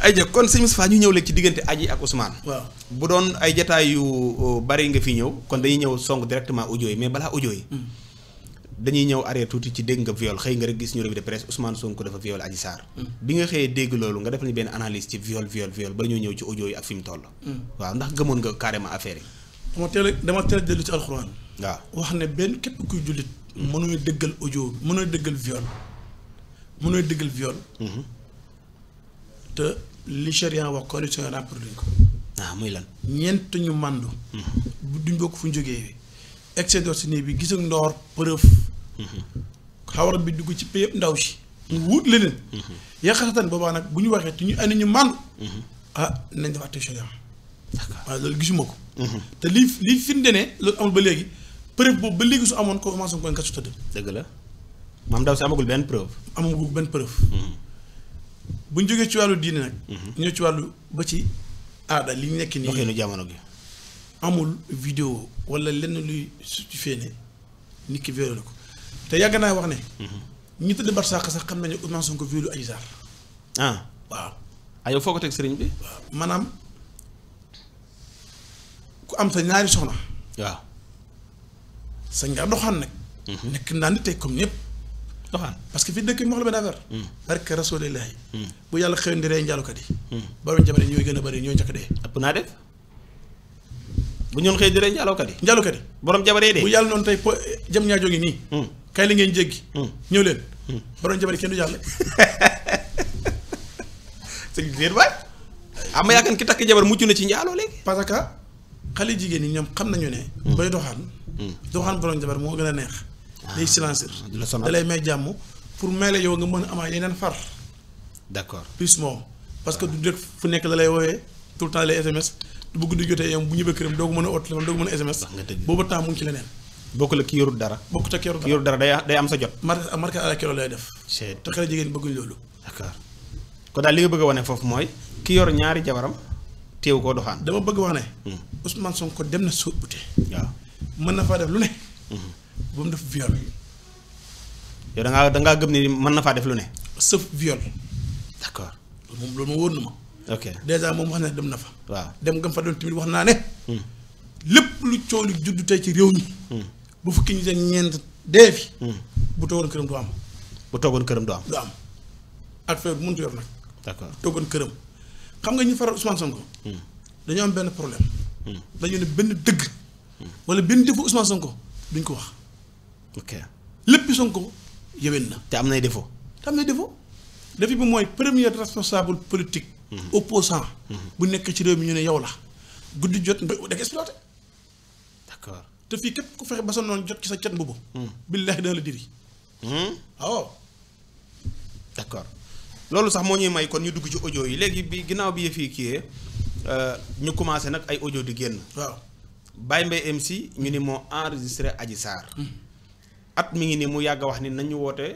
ay jë kon sëñ Moustapha ñu ñëw léegi ci diggante aji ak Ousmane. waaw bu doon ay jataay yu bari nga fi ñëw kon dañuy ñëw song directement audio yi mais balaa audio yi. Hmm. dañuy ñëw arrière tuuti ci dégg nga viol xëy nga rek gis ñu revue de presse Ousmane Sonko dafa viol Adji Sarr. Hmm. bi nga xëyee dégg loolu nga defal ñu benn analyse ci viol viol viol ba ñoo ñëw ci audio yi ak fi toll. Hmm. waaw ndax gëmoon nga carrément affaire yi. dama teel a dama teel a dellu ci alxuraan. waaw wax ne benn képp kuy jullit. mënoo dëggal audio mënoo dëggal viol mënoo dëggal viol te li charia wax coalition rapport luñ ko. waaw ah, muy lan. ñeent ñu màndu. Mhm. duñ bokk fu ñu jógee. si d'origine bi gis ak ndoor preuve. Mhm. xawar bi dugg ci pay ndaw si. mu wut leneen. Mhm. yàqatan boobaa nag bu ñu waxee te ñu andi ñu màndu. ah nañ def àtte charia. waaye loolu gisuma ko. te li li firnde ne loolu amul ba léegi preuve ba léegi su amoon commencé nga ko kasu tëdd. dëgg la maam ndaw si amagul benn preuve. amagul benn preuve. bu ñu jógee ci wàllu diine nag. Mhm. ñëw ci wàllu ba ci aada li ñu nekk nii. doxinu jamono gi. amul vidéo wala lenn luy certifié ne nit ki violé ko te yàgg naa wax ne. Mhm. ñi tëdd barsàq sax xam nañu ne Ousmane ko violé Adji Sarr. Ah. waaw. ah foo ko teg sëriñ bi. waaw maanaam ku am sa ñaari soxna. waaw. sa nga doxaan nag. Mhm. nekk naa ni tey comme ñëpp. doxaan parce que fi dëkk bi ma wax la benn affaire. Hmm. barke rasulillahi hmm. bu yàlla xew di yi. Hmm. borom jabar yi ñooy gën a bëri ñooy njëkk dee. naa def bu ñoon xëy di rey yi. njaalukat yi borom jabar yi de. bu yàlla noonu tey po jam ñaa jóge nii. kay li ngeen jéggi. ñëw leen. borom jabar yi kenn du jàll. sëñ bi déet waay. am na yaakaar ki takk jabar mucc na ci njaaloo léegi. parce que xale jigéen ñi ñoom xam nañu ne. bay doxaan. doxaan borom jabar moo gën a neex. day silenceur ah, da lay may jàmm pour may la yow nga mën a amaat yeneen far d'accord plus moom parce que du dëkk fu nekk la lay woowee tout le temps lay SMS du bëgg di jotee yow bu ñëbbee këram doo ko mën a oot téléphone doo ko mën a SMS boobu temps mu ngi ci leneen bokk la ki yorul dara bokk am sa jot marque marque à la lay def te xale jigéen bëgguñ loolu d'accord kon daal li bëgg a wane foofu mooy ki yor ñaari jabaram teew koo doxaan dama bëgg wax ne hmm. Ousmane Sonko dem na sóot bute waaw mën na faa def lu ne hmm. ba mu def viol. yow dangaa ngaa da ngaa gëm mën na faa def lu ne. sëf viol. d'accord moom loolu wóor na ma. ok déjà moom wax ne dem na fa. waaw dem nga fa dem tamit wax naa ne. Hmm. lépp lu coow li juddu tey ci réew mi. Hmm. bu fukki ñu dañ ñeent dee fi. Hmm. bu toogoon këram du am. bu toogoon këram du am. du am ak feebar bu mënut yor nag. d'accord toogoon këram. xam nga ñu faral Ousmane Sonko. dañoo am benn problème. dañu ne benn dëgg. wala benn defu Ousmane Sonko duñ ko wax. ok lépp Sonko yëwen na. te am nay defoo te am nay défaut défi bi mooy premier responsable politique. Mhm. opposant mhm. bu nekk ci réew mi ñu ne yow la guddi jot nga da te fii képp ku fexe ba sa noonu jot ci sa cat boobu. Mhm. billaahi dana la diri. waaw. Oh. d'accord loolu sax moo ñuy may kon ñu dugg ci audio yi léegi bi ginnaaw bi yëf kii kiiyee euh, ñu commencé nag ay audio di génn. waaw Baye Mbaye MC ñu ni moo enregistré aji Sarr. at mi ngi nii mu yàgg wax ni nañu woote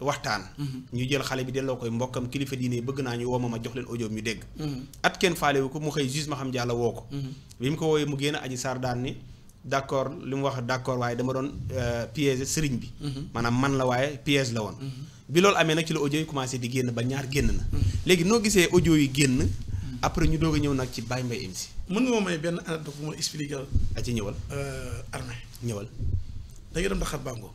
waxtaan mm-hmm. ñu jël xale bi delloo koy mbokkam kilifa diine bëgg naa ñu woo ma ma jox leen audio ñu dégg mm-hmm. at kenn faale wu ko mu xëy juge ma xam jàlla woo ko mm-hmm. bi mu ko wooyee mu génn aji saar daan ni d' li mu wax d' accord waaye dama doon euh, piège sëriñ bi maanaam man la waaye piège la woon bi loolu amee nag ci la audio yi commencé di génn ba ñaar génn na léegi noo gisee audio yi génn après ñu doog a ñëw nag ci Baye Mbaye MC mën nga may benn anecdote bu ma expliquer a ci ñëwal euh, armée ñëwal da nga dem Dakar Bango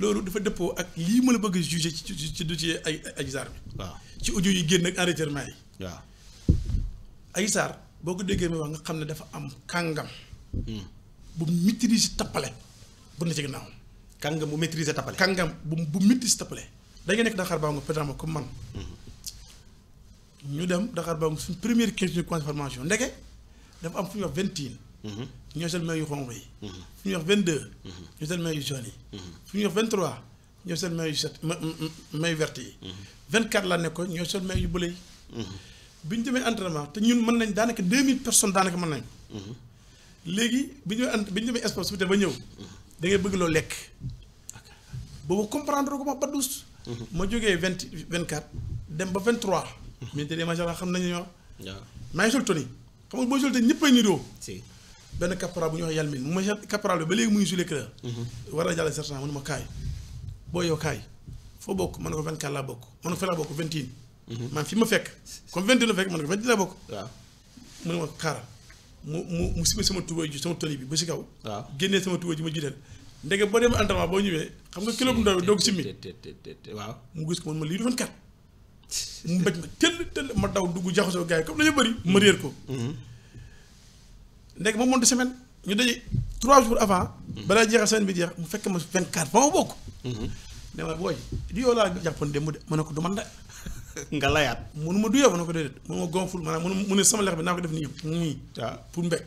loolu dafa dëppoo ak lii ma la bëgg a ci ci ci dossier ay Adji bi. waaw ci audio yi génn ak enregistrement yi. waaw Adji Sarr boo ko déggee may wax nga xam ne dafa am kàngam. Hmm. bu maîtriser tappale bu na ci ginnaaw. kàngam bu maîtriser kàngam bu bu maîtriser tappale. da nga nekk Dakar Bango ma comme man. Hmm. ñu dem Dakar Bango suñu première question de confirmation ndeke dafa am fu ñuy wax Mm-hmm. ñoo seen maillot yu xonq yi. Mm-hmm. fu ñuy wax vingt deux. Mm-hmm. ñoo yu jaune yi. fu ñuy wax vingt trois ñoo seen maillot yu set ma maillot vert yi. vingt quatre laa nekkoon ñoo seen maillot yu bële yi. bi ñu demee entrement te ñun mën nañ daanaka deux mille personnes daanaka mën nañ. léegi bi ñu demee bi ñu demee ba ñëw. da ngay bëgg loo lekk. boobu comprendre ko ma ba douze. ma jógee vingt vingt quatre dem ba vingt trois. militaire yi macha allah xam nañu ñoo. waaw maa ngi sol xam nga boo sol tenue ñëppay niroo. si. benn caporal bu ñuy wax Yalmin mu ma caporal bi ba léegi mu ngi joué kër. Mhm. war na jàll sergent mu ne ma kaay boo yow kaay foo bokk mën na ko 24 laa bokk mën na ko fa laa bokk 21. Mhm. maanaam ma fekk comme 21 la fekk mën mu ne ma xaaral mu mu mu sama tubéy ji sama toli bi ba si kaw. waaw sama tubéy ji ma jiital. ndege boo demee entraînement ñëwee xam nga kilo bu ndaw doog simmi waaw mu gis ko man ma lii du 24 mu ma tëll daw dugg jaxasoo gars yi comme dañu bëri ma réer ko mhm. léegi ba mu semaine ñu daje trois jours avant. balaa jeexal semaine bi jeex mu fekk ma vingt quatre ba ma bokk. ne ma booy du yow laa jàppoon démb ma du man de. yow ma ko déedéet mënu ma gonful maanaam mënu mu ne sama bi naa ko def nii nii. pour mbéy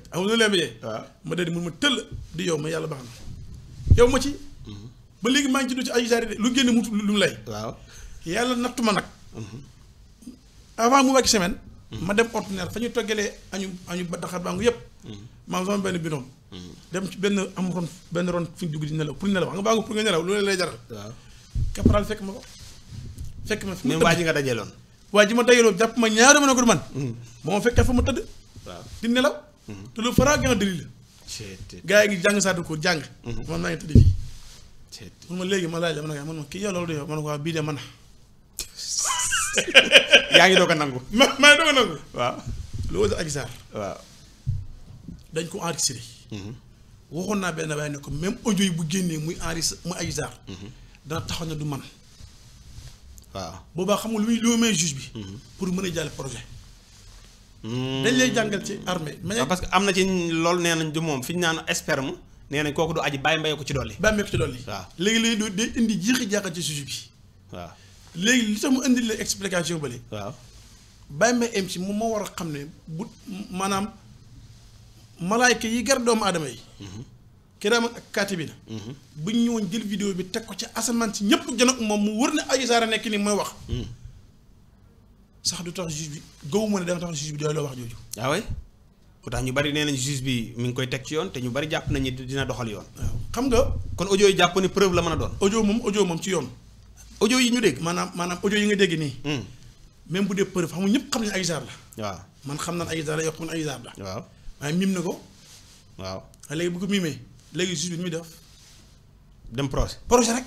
ma déedéet mënu ma tëll di yow ma yàlla baxana na yow ma ci. ba léegi maa ngi ci ci ay genre lu génne mu lu mu lay. waaw yàlla nattu ma nag. Mhm. avant mu wàcc semaine. ma dem ordinaire fa ñu toggalee añu añu ba daxar baa ngu yëpp Mm-hmm. ma am sama benn bidon. Mm-hmm. dem ci benn am ron benn ron fi ñu dugg di nelaw pour nelaw nga baa nga pour nga nelaw loolu lay jaral. waaw caporal fekk ma ko. fekk ma fi mu waa ji nga dajaloon. waa ji ma dajaloon jàpp ma ñaari mm-hmm. ma ne ko man. ma tëdd. waaw di nelaw. te lu faral gën a dëri la. gaa ngi jàng saa ko jàng. man naa ngi tëdd fii. mun ma léegi ma laaj la ma ne ko man ma kii yow loolu de yow ma yaa ngi doog a nangu. ma maa ngi doog a nangu. waaw loolu de Adji Sarr. waaw. dañ ko enregistré. Mhm. waxoon naa benn waaye ne ko même audio bu génnee muy enregistré muy ay zaar. dana taxaw ne du man waaw boobaa xam nga lu muy bi. Mhm. pour mën a jàll projet. Mm. dañ lay jàngal ci armée. mais parce que am na ci loolu nee nañ du moom fi ñu naan expert mu nee kooku du aji bàyyi mbay ko ci dolli. bàyyi mbay ko ci dolli. waaw léegi léegi du day indi jiixi jaaxal ci juge bi. waaw léegi li tax mu indi la explication bële. waaw bàyyi mbay am ci moom moo war a xam ne bu maanaam. malaayka yi gar doomu aadama yi mhm. kiraam ak kaatibiina mhm. bu ñu ñëwoon jël vidéo bi teg ko ci asamaan si ñëpp jën moom mu wër na Adji Sarr nekk nii mooy wax mhm. sax du tax juge bi gëwuma ne danga tax juge bi doy loo wax jooju waaw ah waay moo tax ñu bari nee nañ juge bi mu ngi koy teg ci yoon te ñu bari jàpp nañu dina doxal yoon xam nga kon audio yi jàpp ni preuve la mën a doon ojo moom ojo moom ci yoon ojo yi ñu dégg maanaam maanaam ojo yi nga dégg nii hmm. même bu dee preuve xam ñëpp xam nañ Adji man xam naan Adji Sarr la yow xam na Adji Sarr la waaye mim na ko. waaw léegi bu ko mimee léegi juge bi muy def. dem procès procès rek.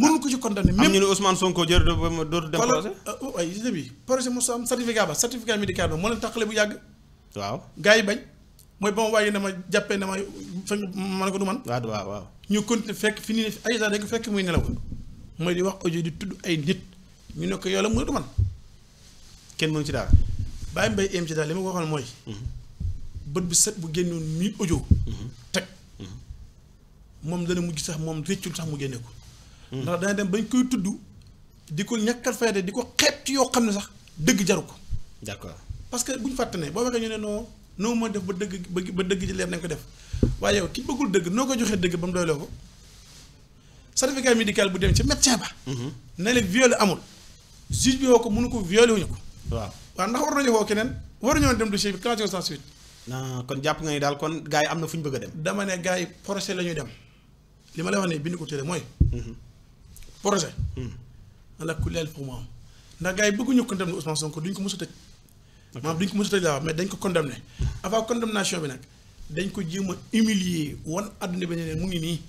mënuñu ko ci condamné. même am ñu ne Ousmane Sonko jër dootu dem procès. waaye euh, oh, gis bi procès mu am certificat ba certificat médical ba moo leen taxale bu yàgg. waaw gars yi bañ. mooy ba ma waaye dama jàppee dama fa man ko du man. waaw waaw waaw. ñu continuer fekk fi nii ay dañ ko fekk muy nelaw mooy di wax audio di tudd ay nit ñu ne ko yow la mu ne du man. kenn mënu ci daal. bàyyi mbay im ci daal li ma ko waxoon mooy. Mhm. bët bu set bu génnoon mille audio mhm. teg mhm. moom dana mujj sax moom réccul sax mu génne ko mhm. ndax dana dem bañ koy tudd di ko ñàkkal de di ko xeeb ci yoo xam ne sax dëgg jaru ko d'accord parce que bu ñu fàtte ne boo waxee ñu ne non noo moo def ba dëgg ba dëgg ji leer nañ ko def waaye yow ki bëggul dëgg noo ko joxee dëgg ba mu doyloo ko certificat médical bu dem ci médecin ba ne la viol amul juge bi woo ko mënu ko violé ko waa waaw ndax war nañu woo keneen waruñoo dem dossier bi Ah, kon jàpp nga ni daal kon gars yi am na fu ñu bëgg a dem. dama ne gars yi projet la ñuy dem li ma la wax ne bind ko tële mooy. Mhm. projet. Mhm. ala kuleel pour mu am ndax gars yi bëgguñu condamné Ousmane Sonko duñ ko mos a tëj. maanaam duñ ko mos a tëj laa wax mais dañ ko condamné avant condamnation bi nag dañ ko jéem a humilier wan àdduna bi ne mu ngi nii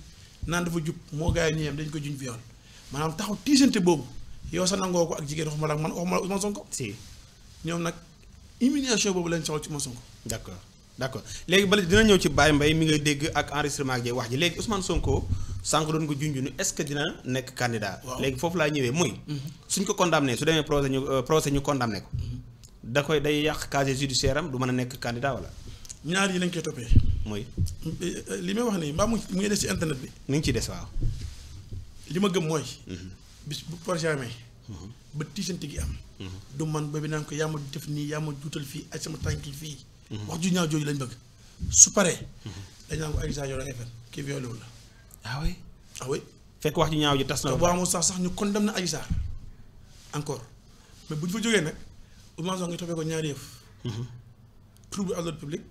naan dafa jub moo gars yi ñuy yem dañ ko juñ fi yoon maanaam taxaw tiisante boobu yow sa nangoo ko ak jigéen waxuma la man waxuma la Ousmane Sonko. si ñoom nag. humiliation boobu lañ soxla ci Ousmane Sonko. d' accord d' accord léegi bala dina ñëw ci Baye mbay mi ngay dégg ak enregistrement ak jeeg wax ji léegi Ousmane Sonko sànq doon ko junjunu est ce que dina nekk candidat. léegi foofu laa ñëwee mooy. Mhm. suñ ko condamné su demee procès ñu euh, procès ñu condamné ko. Mhm. da koy day yàq casier judiciaire am du mën a nekk candidat wala. ñaar yi lañ koy toppee. mooy. Euh, li may wax nii mbaa mu ngi des ci internet bi. mu ngi ciy des waaw. li ma gëm mooy. Mhm. bis bu projet ba tiisante gi am. du man ba bi ko yaa ma def nii yaa ma juutal fii ak sama tànkil fii. wax ju ñaaw jooju lañ bëgg. su paree. dañ naan ko Adji Sarr yow da ngay fen kii violé wu ah ah fekk wax ju ñaaw ji tas na. boo amul sax sax ñu condamné na Adji Sarr encore mais bu ñu fa jógee nag Ousmane ko ñaari yëf. trouble à l'ordre public.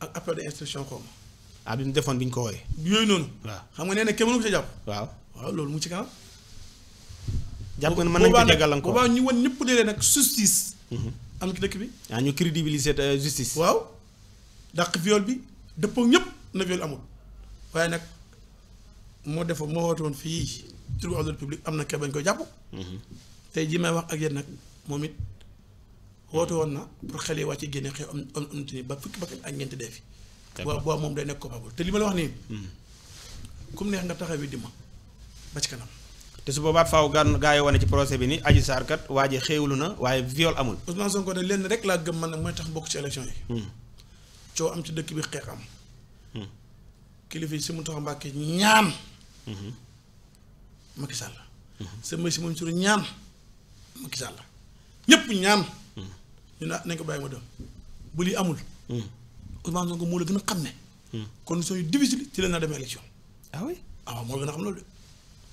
ak appel de instruction xaw ah, ma. defoon bi ko wooyee. yooyu noonu. waaw xam nga nee na kenn mënu jàpp. waaw waaw loolu mu ci kanam. jàpp man na mën nañ ko gàllankoor boobaa ñu wan ñëpp dee nag justice mhm. am ci dëkk bi waaw ah, ñu crédibiliser euh, justice waaw dàq viol bi dëppoo ñëpp na viol amul waaye nag moo defoo moo woote woon fii turu ordre am na ke bañ koy jàpp mhm. tey jii may wax ak yéen nag moom it woote woon na pour xel yi wàcc génne xew am am am ba fukki bakkan ak ñeenti dee fi boo boo moom day nekk coupable te li ma la wax nii mhm. ku mu neex nga taxawee di ma ba ci kanam te su boobaa faaw gan gaa yi wane ci procès bi ni Adji Sarr kat waa ji xéewlu na waaye viol amul. Ousmane Sonko ne lenn rek laa gëm man nag mooy tax bokk ci élection yi. Hmm. coow am ci dëkk bi xeex am. Hmm. kilifa yi si mu taxaw Mbàkke ñaan. Hmm. Macky Sall. sa mbay si moom suru ñaan Macky Sall ñëpp ñaan. ñu ne nañ ko bàyyi ma dem bu lii amul. Ousmane Sonko moo la gën a xam ne. conditions yu difficile ci la naa demee élection. ah oui ah moo gën a xam loolu de.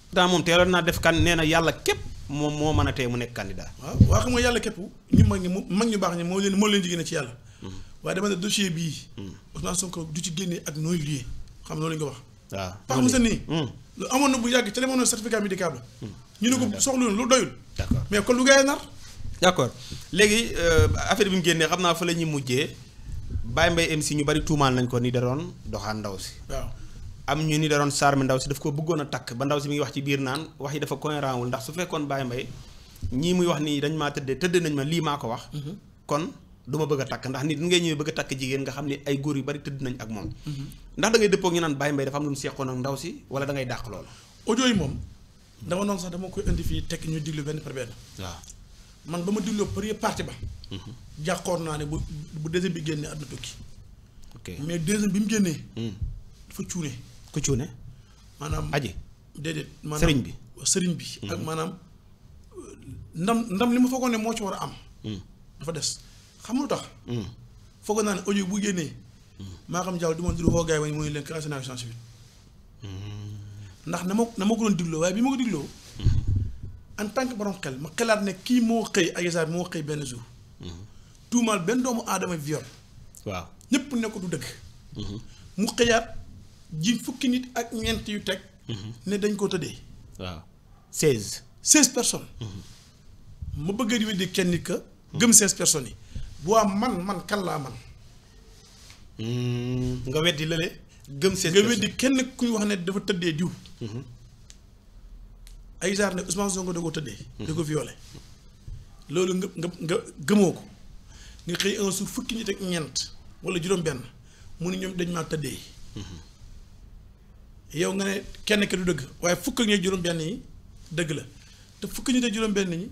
pourtant moom teeloon naa def kan nee na yàlla képp moom moo mën a tee mu nekk candidat. waaw waa xam nga yàlla képp ñu mag ñi mag ñu baax ñi moo leen moo leen jigéen ci yàlla. Mm-hmm. waaye dama ne dossier bii. Mm-hmm. Ousmane Sonko du ci génnee ak nooy lié xam loolu la ñu wax. waaw pax mu sa lu amoon na bu yàgg te demoon na certificat médical ba. Mm. ñu ne ko soxlu lu doyul. mais kon lu gaay nar. d'accord léegi euh, affaire bi mu génnee xam naa fa la ñuy mujjee Baye Mbaye MC ñu bari tuumaan nañ ko ni da doon doxaan ndaw si waaw. am ñu ni daroon sarmi ndaw si daf ko bëggoon a takk ba ndaw si mi ngi wax ci biir naan wax yi dafa cohérent wul ndax su fekkoon Baye Mbaye ñii muy wax nii dañ maa tëddee tëdd nañ ma lii maa ko wax mhm. kon du ma bëgg takk ndax nit ngay ñëwee bëgg takk jigéen nga xam ne ay góor yu bari tëdd nañ ak moom mhm. ndax da ngay dëppoog ñu naan Baye Mbaye dafa am lu mu seqoon ak ndaw si wala da ngay dàq loolu audio yi moom dama noonu sax dama koy indi fii tekk ñu diglu benn par benn waaw man ba ma digloo première partie ba mhm. jàqoor naa ne bu bu deuxième bi génnee àdduna tukki mais bi mu génnee hmm. dafa cuune ku cuune maanaam aji déedéet maanaam sëriñ bi sëriñ bi mhm. ak maanaam ndam ndam li ma foogoon ne moo ci war a am mhm. dafa des xam lu tax mhm. foogoon naa ne audio bu génnee maa xam jaaw di ma dul woo gaay wañ mooy leen ndax na ma na ma ko digloo waaye bi ma ko digloo en tant que borom xel ma xelaat ne kii moo xëy Adji Sarr moo xëy benn jour tuumaal benn doomu aadama viol waaw ñëpp ne ko du dëgg mu xëyaat ji fukki nit ak ñeent yu teg. Mhm. ne dañ koo tëddee. waaw seize. seize personnes. Mhm. ma bëgg a di kenn nit ka. gëm seize personnes yi. bu waa man man kan laa man hmm. nga weddi lële. gëm seize personnes nga weddi kenn ku ñu wax ne dafa tëddee diw. Mhm. ay genre ne Ousmane Sonko da koo tëddee. da ko violé. loolu nga nga nga gëmoo ko nga xëy un suuf fukki nit ak ñeent wala juróom-benn mu ne ñoom dañ maa tëddee. yow nga ne kenn ki du dëgg waaye fukk ak ñooy juróom-benn yi dëgg la te fukk ñu te juróom-benn ñi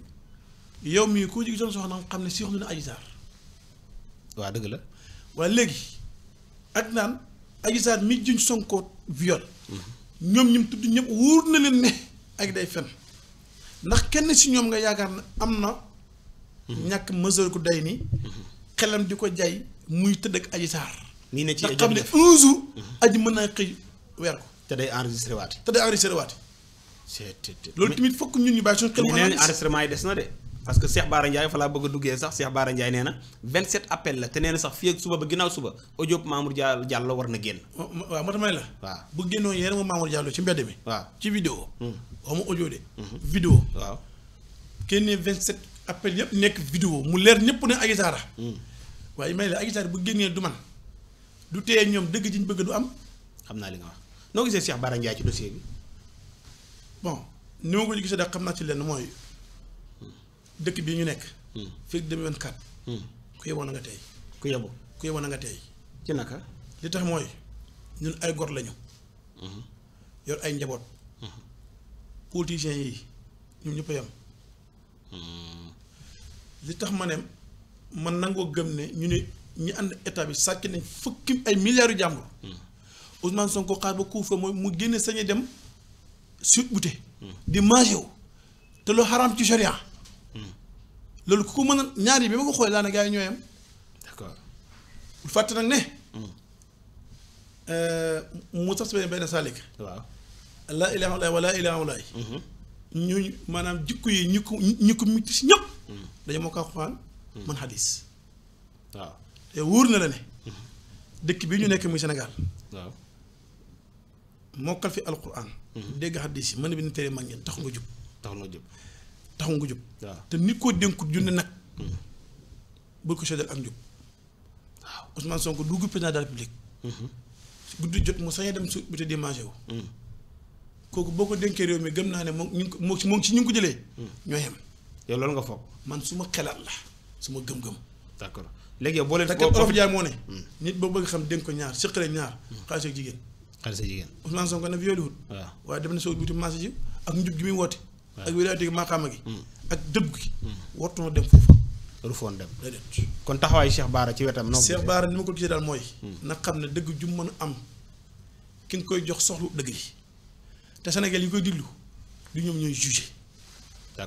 yow mii ku ci doon soxnaam xam ne si xam ne dëgg la waaye léegi ak mi juñ sonko viol ñoom tudd ñëpp wóor na leen ak day fen ndax kenn si ñoom nga yaakaar ne am na ñàkk mesure ku day ni di ko jaay muy tëdd ak aji saar nii ne ci xam ne un aj aji mën naa xëy weer ko te day enregistré waat. te day enregistré waat. loolu tamit fokk ñun ñu bàyyi suñu xel. nee na enregistrement yi des na de. parce que Cheikh Bara Ndiaye fa laa bëgg a duggee sax Cheikh Bara Ndiaye nee na 27 appel la te nee na sax fii ak suba ba ginnaaw suba audio Mamour Diallo war na génn. waaw moo tax ma ne la. waaw bu génnoon yéen ma Mamour Diallo ci hmm. hmm. nekk vidéo mu leer ñëpp ne Adji Sarr. Hmm. waaye may la Adji bu génnee du man du teye ñoom dëgg ji ñu bëgg du am. xam naa li nga wax. noo gisee Cheikh Bara Ndiaye ci dossier bi bon ni ma ko gisee daal xam naa ci lenn mooy dëkk bii ñu nekk. Hmm. fii 2024. Hmm. ku yeboo na nga tey. ku yeboo ku nga tey. ci naka li tax mooy ñun ay gor lañu. Hmm. yor ay njaboot. politiciens yi ñun ñëpp a li tax ma ne man nangoo gëm ne ñu ne ñu ànd état bi sàcc nañ fukki ay milliards jàmbur. Ousmane Sonko xaar ba kuufa mooy mu génne sañ a dem suite bute di mangé te lu xaraam ci sharia loolu ku ko mën ñaar yi bi ma ko xoolee daanaka gars yi ñooyam d'accord bul fàtte nag ne mu sax si benn benn waaw laa ilaaha illallaah wa laa ilaaha mhm. maanaam jikko yi ñu ko ñu ko mutti si ñëpp dañu moo ko Alxuraan mhm. man xadis waaw te wóor na la ne mhm. dëkk bi ñu nekk muy Sénégal mokkal fi alquran. Mhm. dégg xadis yi mën na bi ni tere mag ngeen taxu nga jub. taxu nga jub taxu nga jub. waaw te ni ko dénkut junne nag. Mhm. bul ko seddal ak njub. waaw Ousmane Sonko dugg président de la République. Mhm. guddi jot mu sañ dem su bi te démangé kooku boo ko denkee réew mi gëm naa ne moom ñu ngi ko moom ci ñu ngi ko jëlee. ñoo yem. yow loolu nga foog. man su ma xelaat la su ma gëm-gëm. d'accord léegi boo leen. boo ko jaay moo ne. nit boo bëgg xam dénk ko ñaar seqale ñaar. xaalis jigéen. xar sa jigéen Ousmane ak njub gi muy woote hmm. hmm. dem kon taxawaayu Cheikh Baara ci wetam noo ni ko gisee mooy hmm. na xam ne dëgg ju mën a am ki koy jox soxlu dëgg yi te Sénégal yi koy diglu du ñoom ñooy jugé te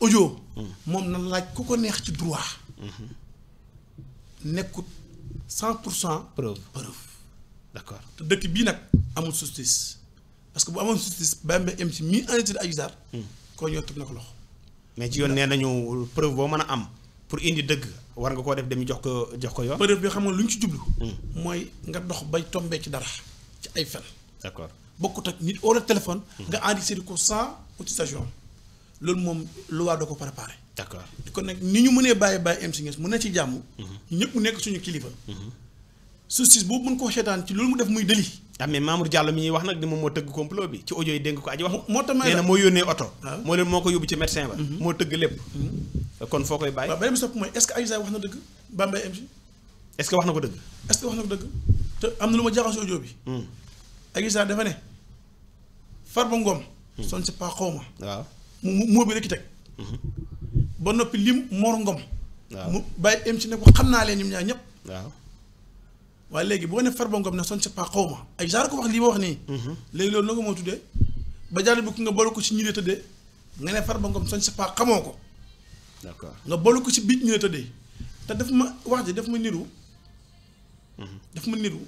audio moom na laaj ku ko neex ci droit nekkut cent pour cent preuve d'accord te dëkk bii nag amul sustis parce que bu amoon justice ba am ci mi unité ay usar. koo ñëw teg na ko loxo. mais ci yoon nee nañu preuve boo mën a am pour indi dëgg war nga koo def dem jox ko jox ko yoon. preuve bi xam nga lu ñu ci jublu. Hmm. mooy nga dox bay tombee ci dara ci ay fen. d'accord bokkut ak nit wala téléphone. Hmm. nga enregistré ko sans autorisation. loolu moom loi da ko préparé. d'accord kon nag ni ñu mënee bàyyi bàyyi MC Niass mu ne ci jàmm. Hmm. ñëpp nekk suñu kilifa. justice boobu mën koo seetaan ci loolu mu def muy délit. ah mais Mamour Diallo mi ñuy wax nag ni moo tëgg complot bi ci audio yi dénk ko aji wax. moo tax nee na moo yónnee oto. Ah. moo leen moo ko yóbbu ci médecin ba. Mhm. moo tëgg lépp. Mhm. kon foo koy bàyyi. waaw beneen bi sopp ce que Agisa wax ko dëgg. est-ce que wax te am na ma jaaxal si Agisa hmm. dafa ne Farba Ngom. Hmm. si pas xaw ma. waaw moo bi rek teg. Mhm. ba noppi lim Mor Ngom. waaw mu bàyyi ko xam naa leen ñoom ñaar ñëpp. waaw. waaye léegi boo ne Farba Ngom na son sa pas xaw ma ay genre ko wax lii ma wax nii. Mhm. léegi loolu noo moo tuddee ba jaaree bu nga boole ko ci ñi la tëddee nga ne Farba Ngom son c'est pas xamoo ko. nga boole ko ci biir ñi la tëddee te daf ma wax ji daf ma niru. Mhm. daf ma niru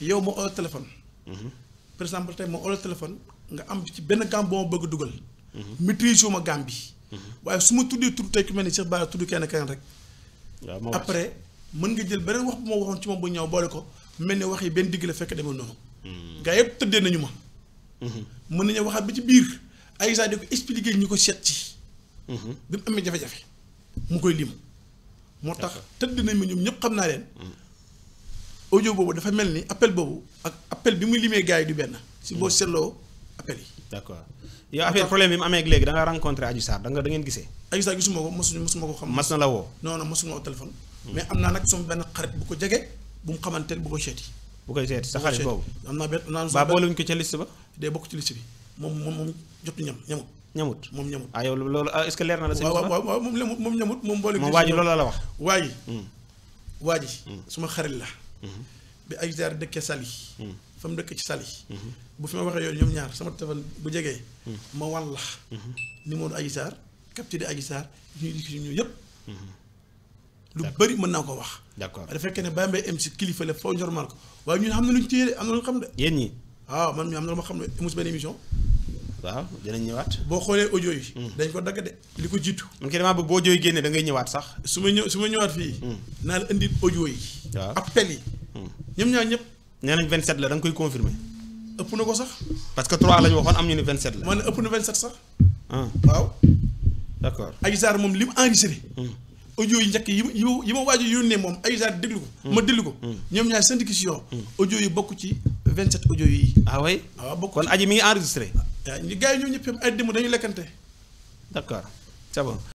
yow ma oo téléphone. Mhm. par exemple tey ma oo téléphone nga am ci benn gàmm boo ma bëgg dugal. maîtrise ma gàmm bi. waaye su ma tuddee tur tey ku mel ni Cheikh Bara tudd kenn kenn rek. après. mën nga jël beneen wax bu ma waxoon ci moom bu ñaw boole ko mel ni wax yi benn digg la fekk demee noonu. Hmm. gaa yëpp tëddee nañu ma. Hmm. mën nañu waxaat ba ci biir ay saa di ko expliquer ñu ko seet ci. Hmm. bi mu amee jafe-jafe mu koy lim. moo tax tëdd nañ ma ñoom ñëpp xam naa leen. audio boobu dafa mel ni appel boobu ak appel bi muy limee gars yi benn. si boo seetloo appel yi. d'accord yow affaire problème bi mu amee ak léegi da nga rencontré Adji Sarr xam. mas na la woo. non non mosuma woo mais am naa nag sama benn xarit bu ko jege bu mu xamante ne bu ko seeti. bu koy seeti sa xarit boobu. am naa benn am naa. ba boolewuñ ko ca liste ba. day bokk ci liste bi moom moom moom jotu ñam ñamut. ñamut moom ñamut. ah yow loolu ah, est-ce que leer na la. seen waaw waaw moom ñamut moom ñamut moom boolewuñ. moom waa ji loolu la wax. waa ji. Hmm. waa ji. Hmm. suma xarit la. Hmm. bi ay jaar dëkkee Saly. fa mu dëkk ci Saly. bu fi ma waxee yooyu ñoom ñaar sama téléphone bu jegee ma wan la. numéro Adji Sarr capturé Adji Sarr ñuy discussion yëpp. lu bëri mën naa ko wax. d'accord bu fekkee ne Baye Mbaye MC kilifa la foo normal ko waaye ñun xam na lu ñu téye am na lu ñu xam de. yéen ñi waaw ah, man ñu am na lu ma xam ne mos benn émission. waaw dinañ ñëwaat. boo xoolee audio yi. Hmm. dañ ko dagg de li ko jiitu. man kay damaa boo audio yi génnee ngay ñëwaat sax. su ma ñëw su ma ñëwaat fii. Hmm. naa la indi audio yi. waaw appel yi. Hmm. ñoom ñaar ñëpp. nee nañ 27 la da nga koy confirmer. ëpp na ko sax. parce que 3 la ñu waxoon am ñu ni 27 la. man ëpp sax. waaw. d'accord Adji Sarr moom li mu enregistré. audio yu njëkk yi yu yi ma waaj a yónnee moom ay genre déglu ko. Hmm. ma déglu ko. Hmm. ñoom ñaar seen discussion. Hmm. audio yi bokk ci 27 audio yi. ah oui waaw ah, bokk kon aji mi ngi enregistré. waaw ah, gars yi ñoo ñëpp ay démb dañuy lekkante. d'accord c'est